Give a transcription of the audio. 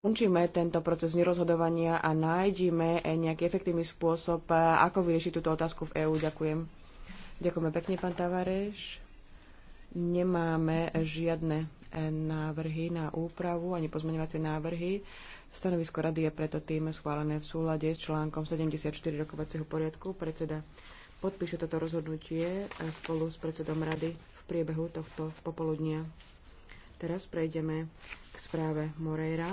Učíme tento proces nerozhodovania a nájdime nejaký efektívny spôsob, eh, ako vyriešiť túto otázku v EÚ. Ďakujem. Ďakujeme pekne, pán Tavareš. Nemáme žiadne eh, návrhy na úpravu ani pozmeňovacie návrhy. Stanovisko rady je preto tým schválené v súlade s článkom 74 rokovacieho poriadku. Predseda podpíše toto rozhodnutie eh, spolu s predsedom rady v priebehu tohto popoludnia. Teraz prejdeme k správe Moreira.